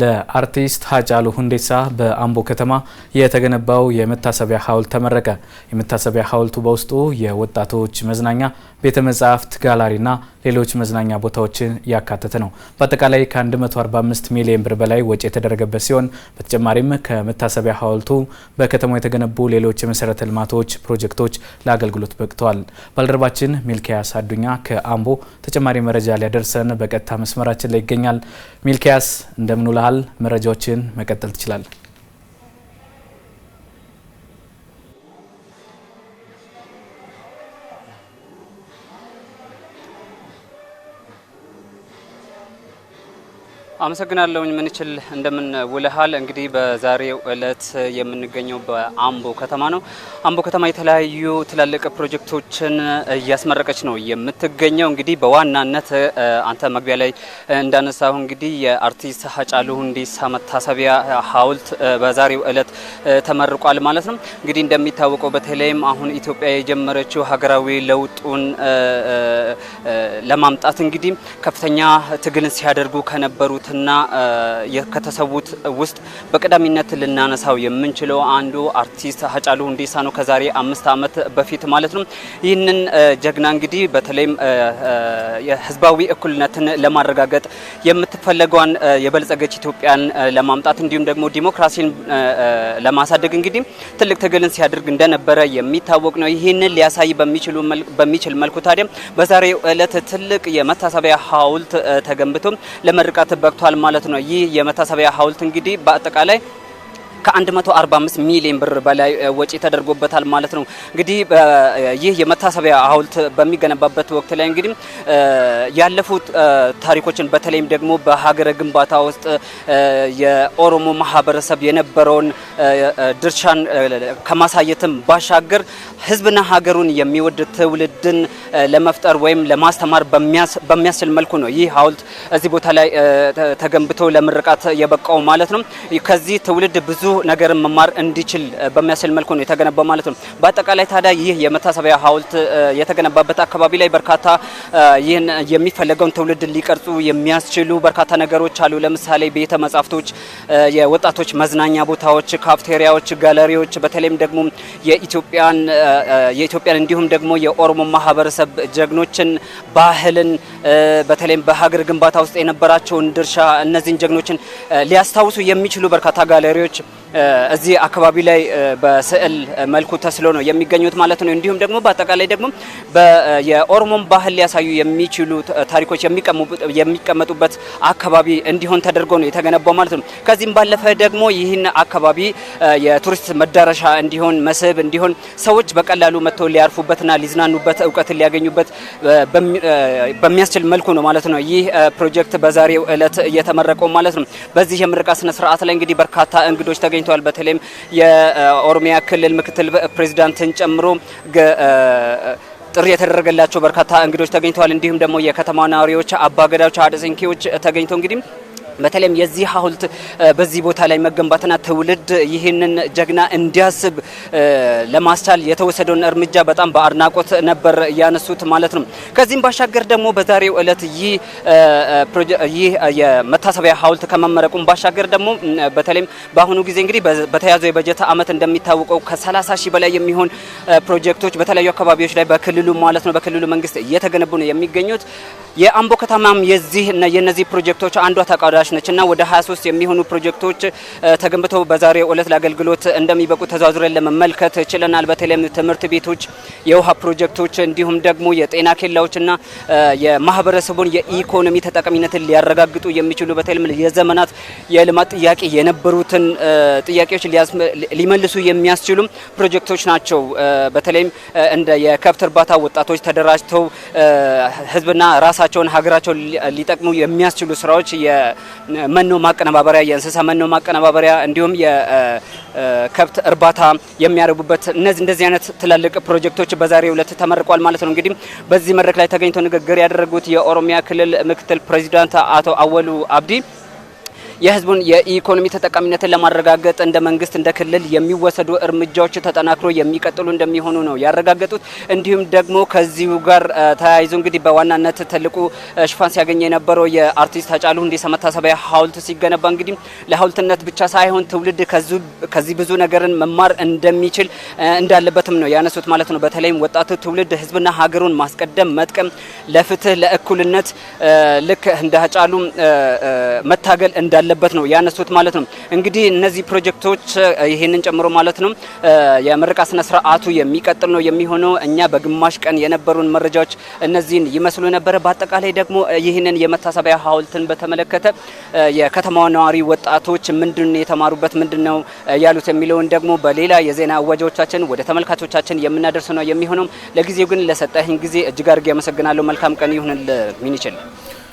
ለአርቲስት ሀጫሉ ሁንዴሳ በአምቦ ከተማ የተገነባው የመታሰቢያ ሐውልት ተመረቀ። የመታሰቢያ ሐውልቱ በውስጡ የወጣቶች መዝናኛ፣ ቤተ መጻሕፍት፣ ጋላሪና ሌሎች መዝናኛ ቦታዎችን ያካተተ ነው። በአጠቃላይ ከ145 ሚሊዮን ብር በላይ ወጪ የተደረገበት ሲሆን በተጨማሪም ከመታሰቢያ ሐውልቱ በከተማው የተገነቡ ሌሎች የመሰረተ ልማቶች ፕሮጀክቶች ለአገልግሎት በቅተዋል። ባልደረባችን ሚልኪያስ አዱኛ ከአምቦ ተጨማሪ መረጃ ሊያደርሰን በቀጥታ መስመራችን ላይ ይገኛል። ሚልኪያስ እንደምኑ ውለሃል? መረጃዎችን መቀጠል ትችላለን። አመሰግናለሁኝ ምንችል እንደምን ውለሃል። እንግዲህ በዛሬው እለት የምንገኘው በአምቦ ከተማ ነው። አምቦ ከተማ የተለያዩ ትላልቅ ፕሮጀክቶችን እያስመረቀች ነው የምትገኘው። እንግዲህ በዋናነት አንተ መግቢያ ላይ እንዳነሳሁ እንግዲህ የአርቲስት ሀጫሉ ሁንዴሳ መታሰቢያ ሀውልት በዛሬው እለት ተመርቋል ማለት ነው። እንግዲህ እንደሚታወቀው በተለይም አሁን ኢትዮጵያ የጀመረችው ሀገራዊ ለውጡን ለማምጣት እንግዲህ ከፍተኛ ትግልን ሲያደርጉ ከነበሩት ከተሰሩትና ከተሰዉት ውስጥ በቀዳሚነት ልናነሳው የምንችለው አንዱ አርቲስት ሀጫሉ ሁንዴሳ ነው። ከዛሬ አምስት ዓመት በፊት ማለት ነው። ይህንን ጀግና እንግዲህ በተለይም የህዝባዊ እኩልነትን ለማረጋገጥ የምትፈለገዋን የበለጸገች ኢትዮጵያን ለማምጣት እንዲሁም ደግሞ ዲሞክራሲን ለማሳደግ እንግዲህ ትልቅ ትግልን ሲያደርግ እንደነበረ የሚታወቅ ነው። ይህንን ሊያሳይ በሚችል መልኩ ታዲያ በዛሬው እለት ትልቅ የመታሰቢያ ሀውልት ተገንብቶ ለመርቃት በቅቶ ተሰርቷል ማለት ነው። ይህ የመታሰቢያ ሀውልት እንግዲህ በአጠቃላይ ከ145 ሚሊዮን ብር በላይ ወጪ ተደርጎበታል ማለት ነው። እንግዲህ ይህ የመታሰቢያ ሐውልት በሚገነባበት ወቅት ላይ እንግዲህ ያለፉት ታሪኮችን በተለይም ደግሞ በሀገረ ግንባታ ውስጥ የኦሮሞ ማህበረሰብ የነበረውን ድርሻን ከማሳየትም ባሻገር ህዝብና ሀገሩን የሚወድ ትውልድን ለመፍጠር ወይም ለማስተማር በሚያስችል መልኩ ነው ይህ ሐውልት እዚህ ቦታ ላይ ተገንብቶ ለምርቃት የበቃው ማለት ነው። ከዚህ ትውልድ ብዙ ነገርን መማር እንዲችል በሚያስችል መልኩ ነው የተገነባው ማለት ነው። በአጠቃላይ ታዲያ ይህ የመታሰቢያ ሐውልት የተገነባበት አካባቢ ላይ በርካታ ይህን የሚፈለገውን ትውልድ ሊቀርጹ የሚያስችሉ በርካታ ነገሮች አሉ። ለምሳሌ ቤተ መጻሕፍቶች፣ የወጣቶች መዝናኛ ቦታዎች፣ ካፍቴሪያዎች፣ ጋለሪዎች በተለይም ደግሞ የኢትዮጵያን የኢትዮጵያን እንዲሁም ደግሞ የኦሮሞ ማህበረሰብ ጀግኖችን ባህልን በተለይም በሀገር ግንባታ ውስጥ የነበራቸውን ድርሻ እነዚህን ጀግኖችን ሊያስታውሱ የሚችሉ በርካታ ጋለሪዎች እዚህ አካባቢ ላይ በስዕል መልኩ ተስሎ ነው የሚገኙት ማለት ነው። እንዲሁም ደግሞ በአጠቃላይ ደግሞ የኦሮሞን ባህል ሊያሳዩ የሚችሉ ታሪኮች የሚቀመጡበት አካባቢ እንዲሆን ተደርጎ ነው የተገነባው ማለት ነው። ከዚህም ባለፈ ደግሞ ይህን አካባቢ የቱሪስት መዳረሻ እንዲሆን መስህብ እንዲሆን ሰዎች በቀላሉ መጥተው ሊያርፉበትና ሊዝናኑበት እውቀትን ሊያገኙበት በሚያስችል መልኩ ነው ማለት ነው ይህ ፕሮጀክት በዛሬው እለት እየተመረቀው ማለት ነው። በዚህ የምረቃ ስነስርዓት ላይ እንግዲህ በርካታ እንግዶች ተገኝ ተገኝተዋል። በተለይም የኦሮሚያ ክልል ምክትል ፕሬዚዳንትን ጨምሮ ጥሪ የተደረገላቸው በርካታ እንግዶች ተገኝተዋል። እንዲሁም ደግሞ የከተማ ነዋሪዎች፣ አባገዳዎች፣ አደሲንቄዎች ተገኝተው እንግዲህ በተለይም የዚህ ሀውልት በዚህ ቦታ ላይ መገንባትና ትውልድ ይህንን ጀግና እንዲያስብ ለማስቻል የተወሰደውን እርምጃ በጣም በአድናቆት ነበር ያነሱት ማለት ነው። ከዚህም ባሻገር ደግሞ በዛሬው እለት ይህ የመታሰቢያ ሀውልት ከመመረቁም ባሻገር ደግሞ በተለይም በአሁኑ ጊዜ እንግዲህ በተያዘው የበጀት ዓመት እንደሚታወቀው ከ30 ሺህ በላይ የሚሆን ፕሮጀክቶች በተለያዩ አካባቢዎች ላይ በክልሉ ማለት ነው በክልሉ መንግስት እየተገነቡ ነው የሚገኙት። የአምቦ ከተማም የዚህ የነዚህ ፕሮጀክቶች አንዷ ተቋዳሽ ተጠቃሽ ነች እና ወደ 23 የሚሆኑ ፕሮጀክቶች ተገንብተው በዛሬው ዕለት ለአገልግሎት እንደሚበቁ ተዘዋውረን ለመመልከት ችለናል። በተለይም ትምህርት ቤቶች፣ የውሃ ፕሮጀክቶች እንዲሁም ደግሞ የጤና ኬላዎችና የማህበረሰቡን የኢኮኖሚ ተጠቃሚነትን ሊያረጋግጡ የሚችሉ በተለይም የዘመናት የልማት ጥያቄ የነበሩትን ጥያቄዎች ሊመልሱ የሚያስችሉ ፕሮጀክቶች ናቸው። በተለይም እንደ የከብት እርባታ ወጣቶች ተደራጅተው ህዝብና ራሳቸውን ሀገራቸውን ሊጠቅሙ የሚያስችሉ ስራዎች መኖ ማቀነባበሪያ፣ የእንስሳ መኖ ማቀነባበሪያ እንዲሁም የከብት እርባታ የሚያደርጉበት እነዚህ እንደዚህ አይነት ትላልቅ ፕሮጀክቶች በዛሬው ዕለት ተመርቋል ማለት ነው። እንግዲህ በዚህ መድረክ ላይ ተገኝተው ንግግር ያደረጉት የኦሮሚያ ክልል ምክትል ፕሬዚዳንት አቶ አወሉ አብዲ የህዝቡን የኢኮኖሚ ተጠቃሚነትን ለማረጋገጥ እንደ መንግስት እንደ ክልል የሚወሰዱ እርምጃዎች ተጠናክሮ የሚቀጥሉ እንደሚሆኑ ነው ያረጋገጡት። እንዲሁም ደግሞ ከዚሁ ጋር ተያይዞ እንግዲህ በዋናነት ትልቁ ሽፋን ሲያገኝ የነበረው የአርቲስት ሃጫሉ ሁንዴሳ መታሰቢያ ሀውልት ሲገነባ እንግዲህ ለሀውልትነት ብቻ ሳይሆን ትውልድ ከዚህ ብዙ ነገርን መማር እንደሚችል እንዳለበትም ነው ያነሱት ማለት ነው። በተለይም ወጣቱ ትውልድ ህዝብና ሀገሩን ማስቀደም መጥቀም፣ ለፍትህ፣ ለእኩልነት ልክ እንደ ሃጫሉ መታገል እንዳለ እንዳለበት ነው ያነሱት ማለት ነው። እንግዲህ እነዚህ ፕሮጀክቶች ይህንን ጨምሮ ማለት ነው የምርቃ ስነ ስርዓቱ የሚቀጥል ነው የሚሆነው። እኛ በግማሽ ቀን የነበሩን መረጃዎች እነዚህን ይመስሉ ነበረ። በአጠቃላይ ደግሞ ይህንን የመታሰቢያ ሀውልትን በተመለከተ የከተማ ነዋሪ ወጣቶች ምንድን የተማሩበት ምንድን ነው ያሉት የሚለውን ደግሞ በሌላ የዜና አወጃዎቻችን ወደ ተመልካቾቻችን የምናደርስ ነው የሚሆነው። ለጊዜው ግን ለሰጠህኝ ጊዜ እጅግ አድርጌ አመሰግናለሁ። መልካም ቀን ይሁንልህ ሚኒችል